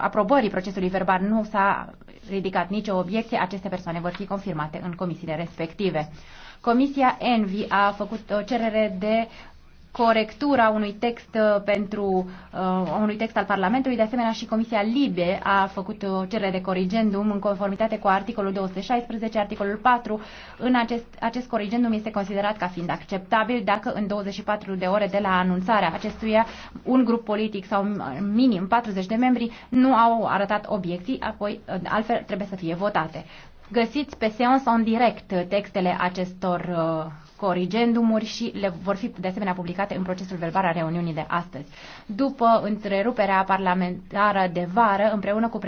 aprobării procesului verbal nu s-a ridicat nicio obiecție, aceste persoane vor fi confirmate în comisiile respective. Comisia Envi a făcut o cerere de corectura unui text uh, pentru uh, unui text al Parlamentului, de asemenea și Comisia Libe a făcut o uh, cerere de corigendum în conformitate cu articolul 216, articolul 4. În acest, acest corigendum este considerat ca fiind acceptabil dacă în 24 de ore de la anunțarea acestuia un grup politic sau minim 40 de membri nu au arătat obiecții, apoi uh, altfel trebuie să fie votate. Găsiți pe seans on direct textele acestor uh, corigendumuri și le vor fi de asemenea publicate în procesul verbal al reuniunii de astăzi. După întreruperea parlamentară de vară, împreună cu